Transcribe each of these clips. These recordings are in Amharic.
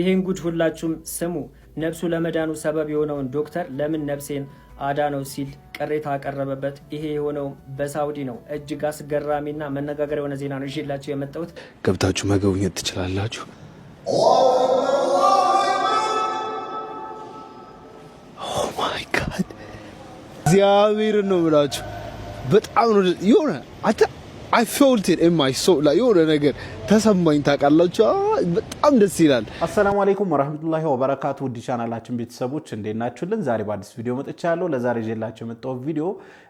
ይህን ጉድ ሁላችሁም ስሙ። ነብሱ ለመዳኑ ሰበብ የሆነውን ዶክተር ለምን ነብሴን አዳነው ሲል ቅሬታ ያቀረበበት ይሄ የሆነው በሳውዲ ነው። እጅግ አስገራሚና መነጋገር የሆነ ዜና ነው ይዤላችሁ የመጣሁት። ገብታችሁ መጎብኘት ትችላላችሁ። oh እግዚአብሔር ነው ብላችሁ በጣም የሆነ አይ ፌልት ኢን ማይ ሶል የሆነ ነገር ተሰማኝ ታውቃላችሁ። በጣም ደስ ይላል። አሰላሙ አለይኩም ወረህመቱላሂ ወበረካቱ። ውድ ቻናላችን ቤተሰቦች እንዴት ናችሁልን? ዛሬ በአዲስ ቪዲዮ መጥቻለሁ። ለዛሬ ይዤላችሁ የመጣሁት ቪዲዮ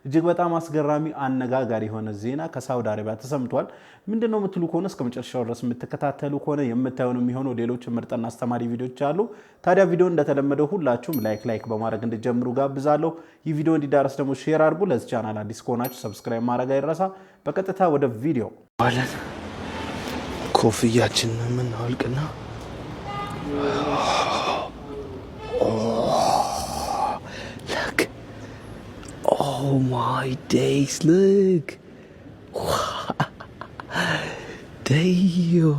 እጅግ በጣም አስገራሚ አነጋጋሪ የሆነ ዜና ከሳውዲ አረቢያ ተሰምቷል። ምንድን ነው የምትሉ ከሆነ እስከ መጨረሻው ድረስ የምትከታተሉ ከሆነ የምታዩን የሚሆኑ ሌሎች ምርጥና አስተማሪ ቪዲዮች አሉ። ታዲያ ቪዲዮ እንደተለመደው ሁላችሁም ላይክ ላይክ በማድረግ እንድጀምሩ ጋብዛለሁ። ይህ ቪዲዮ እንዲዳረስ ደግሞ ሼር አድርጉ። ለዚህ ቻናል አዲስ ከሆናችሁ ሰብስክራይብ ማድረግ አይረሳ። በቀጥታ ወደ ቪዲዮ ኮፍያችንን የምናወልቅና ልክ ኦ ማይ ዴይስ ልክ ደዮ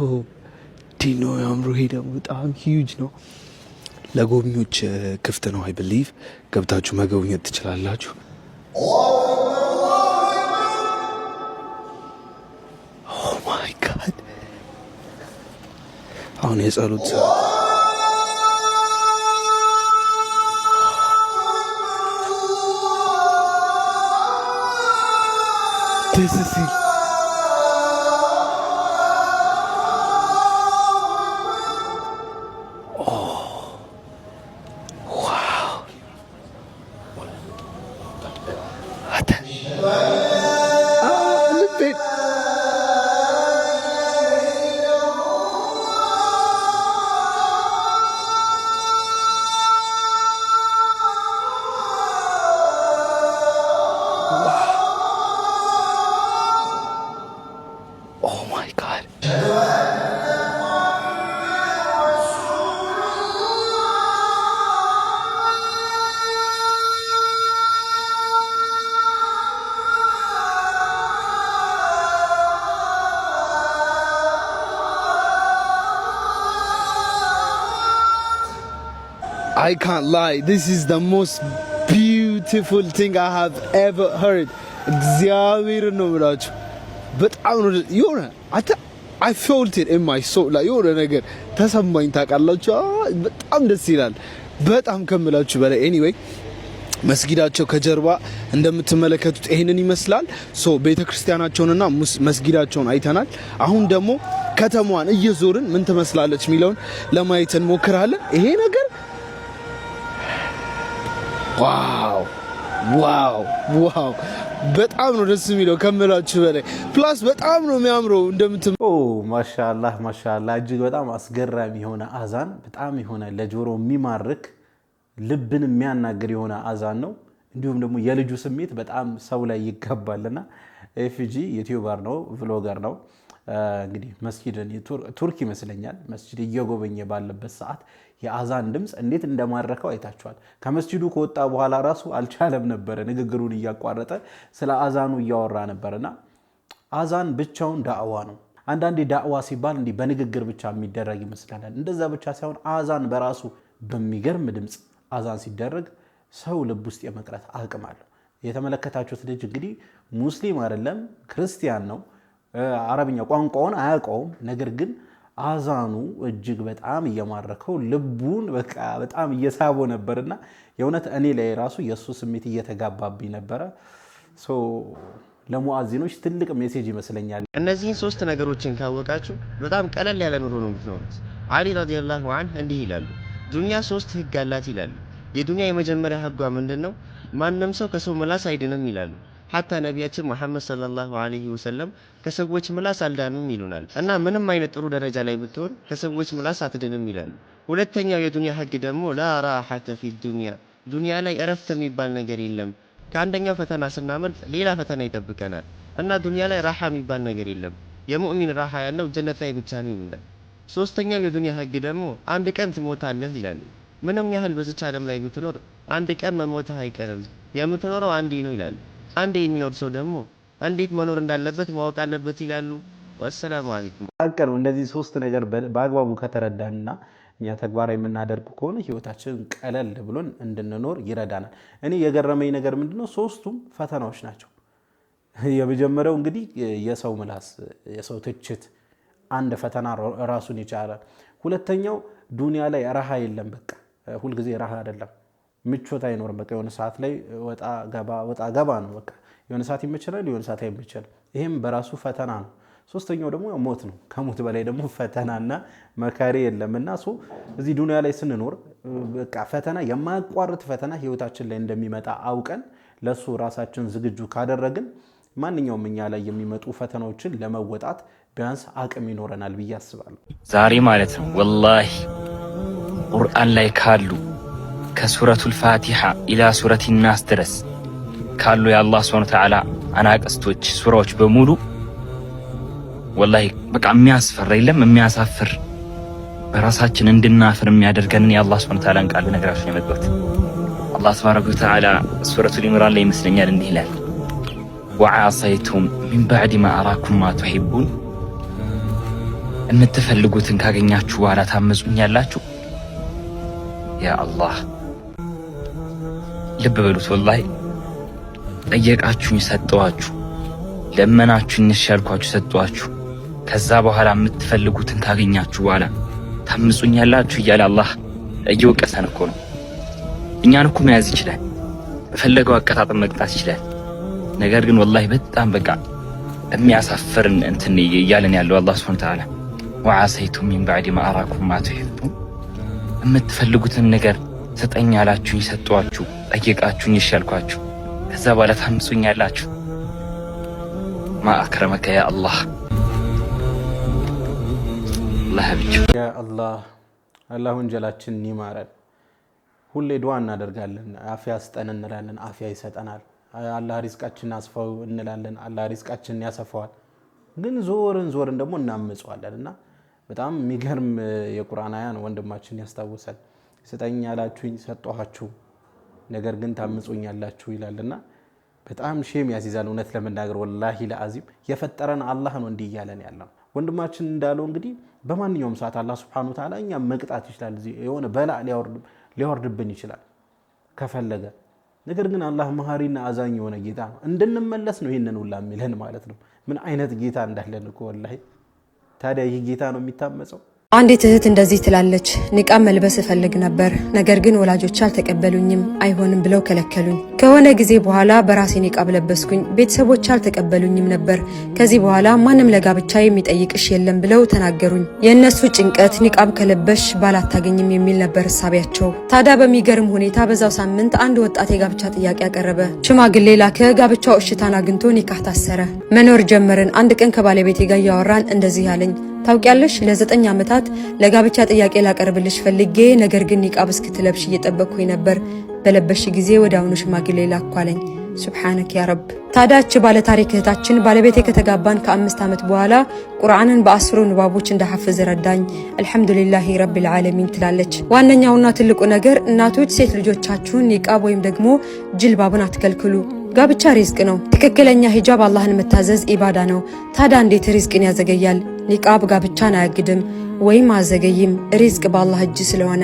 ዲኖ ያምሮ ይሄ ደግሞ በጣም ሂውጅ ነው። ለጎብኞች ክፍት ነው። አይ ብሊቭ ገብታችሁ መገብኘት ትችላላችሁ። on his aludza. This is it. I can't lie. This is the most beautiful thing I have ever heard. እግዚአብሔር ነው የምላችሁ። በጣም ነው የሆነ አይ ፌልት ኢት ኢን ማይ ሶል ላይ የሆነ ነገር ተሰማኝ ታውቃላችሁ። በጣም ደስ ይላል። በጣም ከምላችሁ በላይ ኤኒዌይ መስጊዳቸው ከጀርባ እንደምትመለከቱት ይሄንን ይመስላል። ሶ ቤተክርስቲያናቸውንና መስጊዳቸውን አይተናል። አሁን ደግሞ ከተማዋን እየዞርን ምን ትመስላለች የሚለውን ለማየት እንሞክራለን። ይሄ ነገር ዋው ዋው ዋው በጣም ነው ደስ የሚለው ከምላችሁ በላይ ፕላስ በጣም ነው የሚያምረው። እንደምት ማሻላህ ማሻላ እጅግ በጣም አስገራሚ የሆነ አዛን በጣም የሆነ ለጆሮ የሚማርክ ልብን የሚያናግር የሆነ አዛን ነው። እንዲሁም ደግሞ የልጁ ስሜት በጣም ሰው ላይ ይገባልና ኤፍጂ ዩቲዩበር ነው፣ ቭሎገር ነው። እንግዲህ መስጂድን ቱርክ ይመስለኛል መስጂድ እየጎበኘ ባለበት ሰዓት የአዛን ድምፅ እንዴት እንደማረከው አይታችኋል። ከመስጂዱ ከወጣ በኋላ ራሱ አልቻለም ነበረ፣ ንግግሩን እያቋረጠ ስለ አዛኑ እያወራ ነበርና አዛን ብቻውን ዳዕዋ ነው። አንዳንዴ ዳዕዋ ሲባል እንዲህ በንግግር ብቻ የሚደረግ ይመስለናል። እንደዛ ብቻ ሳይሆን አዛን በራሱ በሚገርም ድምፅ አዛን ሲደረግ ሰው ልብ ውስጥ የመቅረት አቅም አለው። የተመለከታችሁት ልጅ እንግዲህ ሙስሊም አይደለም ክርስቲያን ነው። አረብኛ ቋንቋውን አያውቀውም። ነገር ግን አዛኑ እጅግ በጣም እየማረከው ልቡን በቃ በጣም እየሳበው ነበርና የእውነት እኔ ላይ ራሱ የእሱ ስሜት እየተጋባብኝ ነበረ። ለሙአዚኖች ትልቅ ሜሴጅ ይመስለኛል። እነዚህን ሶስት ነገሮችን ካወቃችሁ በጣም ቀለል ያለ ኑሮ ነው ምትኖሩት። አሊ ረዲየላሁ አንሁ እንዲህ ይላሉ፣ ዱኒያ ሶስት ህግ አላት ይላሉ። የዱኒያ የመጀመሪያ ህጓ ምንድን ነው? ማንም ሰው ከሰው ምላስ አይድንም ይላሉ። ሀታ ነቢያችን መሐመድ ሰለላሁ ዐለይሂ ወሰለም ከሰዎች ምላስ አልዳንም ይሉናል እና ምንም አይነት ጥሩ ደረጃ ላይ ብትሆን ከሰዎች ምላስ አትድንም ይላል። ሁለተኛው የዱንያ ህግ ደግሞ ላራሐተ ፊ ዱንያ፣ ዱንያ ላይ እረፍት የሚባል ነገር የለም። ከአንደኛው ፈተና ስናመልጥ ሌላ ፈተና ይጠብቀናል እና ዱንያ ላይ ራሓ የሚባል ነገር የለም። የሙእሚን ራሓ ያለው ጀነት ላይ ብቻ ነው ይላል። ሶስተኛው የዱንያ ህግ ደግሞ አንድ ቀን ትሞታለህ ይላል። ምንም ያህል በዚች ዓለም ላይ ብትኖር አንድ ቀን መሞትህ አይቀርም፣ የምትኖረው አንዴ ነው ይላል። አንድ የሚኖር ሰው ደግሞ እንዴት መኖር እንዳለበት ማወቅ አለበት ይላሉ። ወሰላም አለይኩም። አቀኑ እንደዚህ ሶስት ነገር በአግባቡ ከተረዳንና እኛ ተግባራዊ የምናደርግ ከሆነ ህይወታችንን ቀለል ብሎን እንድንኖር ይረዳናል። እኔ የገረመኝ ነገር ምንድነው? ሶስቱም ፈተናዎች ናቸው። የመጀመሪያው እንግዲህ የሰው ምላስ፣ የሰው ትችት አንድ ፈተና ራሱን ይቻላል። ሁለተኛው ዱንያ ላይ ረሃ የለም። በቃ ሁልጊዜ ረሃ አይደለም ምቾት አይኖርም። በቃ የሆነ ሰዓት ላይ ወጣ ገባ ወጣ ገባ ነው። በቃ የሆነ ሰዓት ይመችላል፣ የሆነ ሰዓት አይመችል። ይህም በራሱ ፈተና ነው። ሶስተኛው ደግሞ ሞት ነው። ከሞት በላይ ደግሞ ፈተናና መካሪ የለም እና እዚህ ዱኒያ ላይ ስንኖር በቃ ፈተና የማያቋርጥ ፈተና ህይወታችን ላይ እንደሚመጣ አውቀን ለእሱ ራሳችን ዝግጁ ካደረግን ማንኛውም እኛ ላይ የሚመጡ ፈተናዎችን ለመወጣት ቢያንስ አቅም ይኖረናል ብዬ አስባለሁ። ዛሬ ማለት ነው ወላሂ ቁርአን ላይ ካሉ ከሱረቱል ፋቲሓ ኢላ ሱረት ናስ ድረስ ካሉ የአላህ ስብሐነ ወተዓላ አናቅስቶች ሱራዎች በሙሉ ወላሂ በቃ የሚያስፈራ የለም፣ የሚያሳፍር በራሳችን እንድናፍር የሚያደርገንን የአላህ ስብሐነ ወተዓላን ቃል ልነግራችሁ ነው የመጣሁት። አላህ ተባረከ ወተዓላ ሱረቱል ኢምራን ላይ ይመስለኛል እንዲህ ይላል፣ ወዓሰይቱም ሚን ባዕድ ማ አራኩም ማ ቱሒቡን፣ የምትፈልጉትን ካገኛችሁ በኋላ ታመፁኛላችሁ። ያ አላህ ልብ በሉት። ወላሂ ጠየቃችሁኝ ሰጠዋችሁ፣ ለመናችሁ እንሽ ያልኳችሁ ሰጠዋችሁ። ከዛ በኋላ የምትፈልጉትን ታገኛችሁ በኋላ ታምፁኛላችሁ እያለ አላህ እየወቀሰን እኮ ነው። እኛን እኮ መያዝ ይችላል፣ በፈለገው አቀጣጥም መቅጣት ይችላል። ነገር ግን ወላሂ በጣም በቃ የሚያሳፍርን እንትን እያለን ያለው አላህ ስብሐነ ወተዓላ ወዓሰይቱ ሚን ባዕድ ማ አራኩም ማ ትሒቡን የምትፈልጉትን ነገር ስጠኝ አላችሁኝ ሰጠኋችሁ ጠየቃችሁኝ፣ እሺ አልኳችሁ። ከዛ በኋላ ታምፁኛላችሁ። ማአክረመከ ያ አላህ ያ አላህ አላህ ወንጀላችን ይማረን። ሁሌ ድዋ እናደርጋለን። አፍያ ስጠን እንላለን፣ አፍያ ይሰጠናል። አላህ ሪዝቃችን አስፋው እንላለን፣ አላህ ሪዝቃችን ያሰፋዋል። ግን ዞርን ዞርን ደግሞ እናምፀዋለን እና በጣም የሚገርም የቁርአን አያ ነው ወንድማችን ያስታውሳል። ስጠኝ ያላችሁኝ ሰጠኋችሁ ነገር ግን ታምጾኛላችሁ ይላልና በጣም ሼም ያስይዛል። እውነት ለመናገር ወላሂ ለአዚም የፈጠረን አላህ ነው እንዲህ እያለን ነው። ወንድማችን እንዳለው እንግዲህ በማንኛውም ሰዓት አላህ ሱብሓነሁ ወተዓላ እኛ መቅጣት ይችላል። የሆነ በላ ሊያወርድብን ይችላል ከፈለገ። ነገር ግን አላህ መሪና አዛኝ የሆነ ጌታ ነው። እንድንመለስ ነው ይህንን ሁላ የሚለን ማለት ነው። ምን አይነት ጌታ እንዳለን እኮ ወላሂ። ታዲያ ይህ ጌታ ነው የሚታመፀው? አንዲት እህት እንደዚህ ትላለች። ኒቃብ መልበስ እፈልግ ነበር፣ ነገር ግን ወላጆች አልተቀበሉኝም፣ አይሆንም ብለው ከለከሉኝ። ከሆነ ጊዜ በኋላ በራሴ ንቃብ ለበስኩኝ፣ ቤተሰቦች አልተቀበሉኝም ነበር። ከዚህ በኋላ ማንም ለጋብቻ የሚጠይቅሽ የለም ብለው ተናገሩኝ። የእነሱ ጭንቀት ኒቃብ ከለበሽ ባል አታገኝም የሚል ነበር እሳቢያቸው። ታዲያ በሚገርም ሁኔታ በዛው ሳምንት አንድ ወጣት የጋብቻ ጥያቄ አቀረበ። ሽማግሌ ላከ። ጋብቻው እሽታን አግኝቶ ኒካህ ታሰረ። መኖር ጀመርን። አንድ ቀን ከባለቤቴ ጋር እያወራን እንደዚህ ያለኝ ታውቂያለሽ ለዘጠኝ ዓመታት ለጋብቻ ጥያቄ ላቀርብልሽ ፈልጌ ነገር ግን ኒቃብ እስክትለብሽ እየጠበቅኩኝ ነበር። በለበሽ ጊዜ ወደ አሁኑ ሽማግሌ ላኳለኝ። ሱብሓነክ ያ ረብ። ታዳች ባለ ታሪክ እህታችን ባለቤቴ ከተጋባን ከአምስት ዓመት በኋላ ቁርአንን በአስሩ ንባቦች እንዳሐፍዝ ረዳኝ፣ አልሐምዱሊላሂ ረብል ዓለሚን ትላለች። ዋነኛውና ትልቁ ነገር እናቶች ሴት ልጆቻችሁን ኒቃብ ወይም ደግሞ ጅልባብን አትከልክሉ። ጋብቻ ሪዝቅ ነው። ትክክለኛ ሂጃብ አላህን መታዘዝ ኢባዳ ነው። ታዳ እንዴት ሪዝቅን ያዘገያል? ኒቃብ ጋብቻን አያግድም ወይም አዘገይም፣ ሪዝቅ ባላህ እጅ ስለሆነ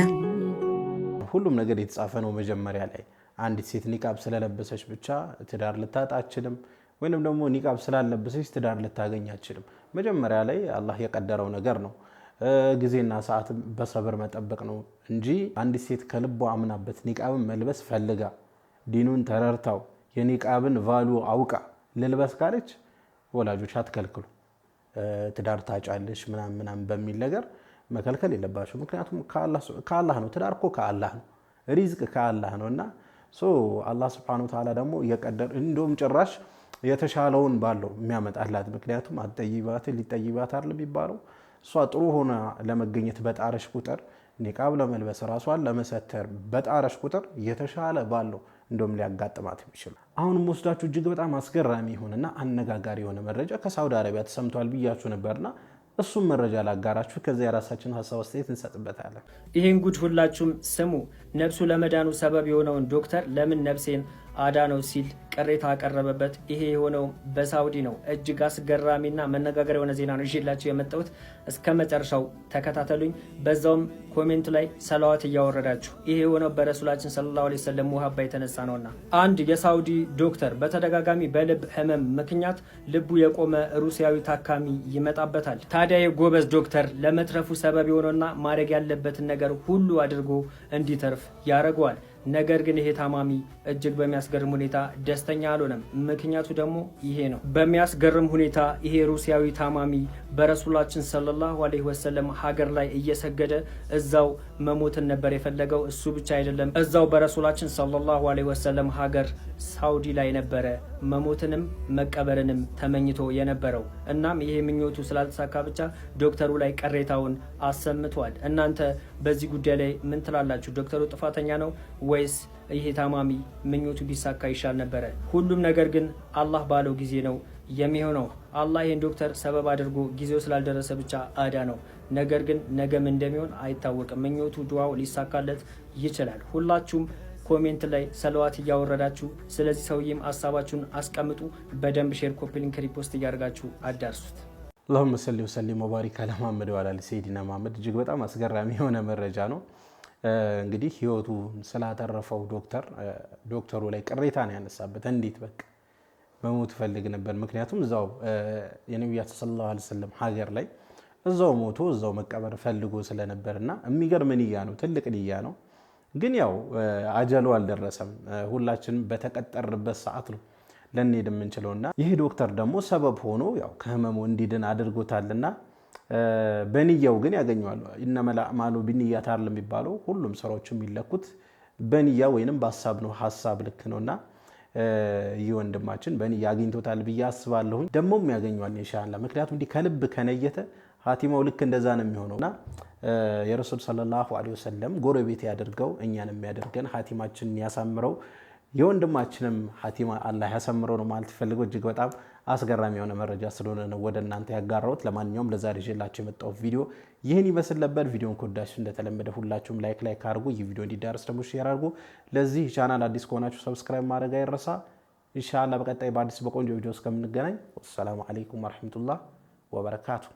ሁሉም ነገር የተጻፈ ነው። መጀመሪያ ላይ አንዲት ሴት ኒቃብ ስለለበሰች ብቻ ትዳር ልታጣ አችልም፣ ወይንም ደግሞ ኒቃብ ስላለበሰች ትዳር ልታገኝ አችልም። መጀመሪያ ላይ አላህ የቀደረው ነገር ነው። ጊዜና ሰዓት በሰብር መጠበቅ ነው እንጂ አንዲት ሴት ከልቧ አምናበት ኒቃብን መልበስ ፈልጋ ዲኑን ተረርታው የኒቃብን ቫሉ አውቃ ልልበስ ካለች ወላጆች አትከልክሉ። ትዳር ታጫለሽ ምናምን ምናምን በሚል ነገር መከልከል የለባቸው። ምክንያቱም ከአላህ ነው ትዳር እኮ ከአላህ ነው፣ ሪዝቅ ከአላህ ነው እና አላህ ስብሐነ ወተዓላ ደግሞ የቀደር እንደውም ጭራሽ የተሻለውን ባለው የሚያመጣላት ምክንያቱም አጠይባት ሊጠይባት አለ የሚባለው እሷ ጥሩ ሆና ለመገኘት በጣረሽ ቁጥር ኒቃብ ለመልበስ ራሷን ለመሰተር በጣረሽ ቁጥር የተሻለ ባለው እንደም ሊያጋጥማት የሚችሉ አሁን ወስዳችሁ እጅግ በጣም አስገራሚ የሆነና አነጋጋሪ የሆነ መረጃ ከሳውዲ አረቢያ ተሰምቷል ብያችሁ ነበርና እሱም መረጃ ላጋራችሁ። ከዚያ የራሳችን ሀሳብ አስተያየት እንሰጥበታለን። ይህን ጉድ ሁላችሁም ስሙ። ነፍሱ ለመዳኑ ሰበብ የሆነውን ዶክተር ለምን ነፍሴን አዳ ነው ሲል ቅሬታ ያቀረበበት ይሄ የሆነው በሳውዲ ነው። እጅግ አስገራሚና መነጋገር የሆነ ዜና ነው ይዤላቸው የመጣሁት። እስከ መጨረሻው ተከታተሉኝ። በዛውም ኮሜንት ላይ ሰላዋት እያወረዳችሁ ይሄ የሆነው በረሱላችን ሰለላሁ ዐለይሂ ወሰለም ሙሀባ የተነሳ ነውና። አንድ የሳውዲ ዶክተር በተደጋጋሚ በልብ ህመም ምክንያት ልቡ የቆመ ሩሲያዊ ታካሚ ይመጣበታል። ታዲያ የጎበዝ ዶክተር ለመትረፉ ሰበብ የሆነውና ማድረግ ያለበትን ነገር ሁሉ አድርጎ እንዲተርፍ ያደርገዋል። ነገር ግን ይሄ ታማሚ እጅግ በሚያስገርም ሁኔታ ደስተኛ አልሆነም። ምክንያቱ ደግሞ ይሄ ነው። በሚያስገርም ሁኔታ ይሄ ሩሲያዊ ታማሚ በረሱላችን ሰለላሁ አለይሂ ወሰለም ሀገር ላይ እየሰገደ እዛው መሞትን ነበር የፈለገው። እሱ ብቻ አይደለም፣ እዛው በረሱላችን ሰለላሁ ዐለይሂ ወሰለም ሀገር ሳውዲ ላይ ነበረ መሞትንም መቀበርንም ተመኝቶ የነበረው። እናም ይሄ ምኞቱ ስላልተሳካ ብቻ ዶክተሩ ላይ ቅሬታውን አሰምቷል። እናንተ በዚህ ጉዳይ ላይ ምን ትላላችሁ? ዶክተሩ ጥፋተኛ ነው ወይስ ይሄ ታማሚ ምኞቱ ቢሳካ ይሻል ነበረ? ሁሉም ነገር ግን አላህ ባለው ጊዜ ነው። የሚሆነው አላህ ይህን ዶክተር ሰበብ አድርጎ ጊዜው ስላልደረሰ ብቻ አዳ ነው። ነገር ግን ነገም እንደሚሆን አይታወቅም። ምኞቱ ድዋው ሊሳካለት ይችላል። ሁላችሁም ኮሜንት ላይ ሰለዋት እያወረዳችሁ ስለዚህ ሰውዬም ሀሳባችሁን አስቀምጡ። በደንብ ሼር፣ ኮፒ ሊንክ፣ ሪፖስት እያደርጋችሁ አዳርሱት። አላሁመ ሰሊ ወሰሊም ወባሪክ አላ መሐመድ ወዓላ አሊ ሰይዲና መሐመድ። እጅግ በጣም አስገራሚ የሆነ መረጃ ነው። እንግዲህ ህይወቱ ስላተረፈው ዶክተር ዶክተሩ ላይ ቅሬታ ነው ያነሳበት። እንዴት በቃ በሞት እፈልግ ነበር። ምክንያቱም እዛው የነቢያት ሰለላሁ ዐለይሂ ወሰለም ሀገር ላይ እዛው ሞቶ እዛው መቀበር ፈልጎ ስለነበር እና የሚገርም ንያ ነው፣ ትልቅ ንያ ነው። ግን ያው አጀሉ አልደረሰም። ሁላችንም በተቀጠርበት ሰዓት ነው ልንሄድ የምንችለው እና ይህ ዶክተር ደግሞ ሰበብ ሆኖ ያው ከህመሙ እንዲድን አድርጎታልና በንያው ግን ያገኘዋል። ኢነመል አዕማሉ ቢንያት የሚባለው ሁሉም ስራዎች የሚለኩት በንያ ወይንም በሀሳብ ነው፣ ሀሳብ ልክ ነውና ይህ ወንድማችን በንያ አግኝቶታል ብዬ አስባለሁኝ። ደግሞም ያገኘዋል ኢንሻአላ። ምክንያቱም እንዲህ ከልብ ከነየተ ሀቲማው ልክ እንደዛ ነው የሚሆነው እና የረሱል ሰለላሁ ዐለይሂ ወሰለም ጎረቤት ያደርገው እኛን የሚያደርገን ሀቲማችንን ያሳምረው የወንድማችንም ሀቲማ አላህ ያሳምረው ነው ማለት ፈልገው እጅግ በጣም አስገራሚ የሆነ መረጃ ስለሆነ ነው ወደ እናንተ ያጋራሁት። ለማንኛውም ለዛሬ ይዤላችሁ የመጣሁት ቪዲዮ ይህን ይመስል ነበር። ቪዲዮን ከወዳችሁ እንደተለመደ ሁላችሁም ላይክ ላይክ አድርጉ። ይህ ቪዲዮ እንዲዳረስ ደግሞ ሼር አድርጉ። ለዚህ ቻናል አዲስ ከሆናችሁ ሰብስክራይብ ማድረግ አይረሳ። ኢንሻላ በቀጣይ በአዲስ በቆንጆ ቪዲዮ እስከምንገናኝ ወሰላሙ አለይኩም ወረሕመቱላህ ወበረካቱ።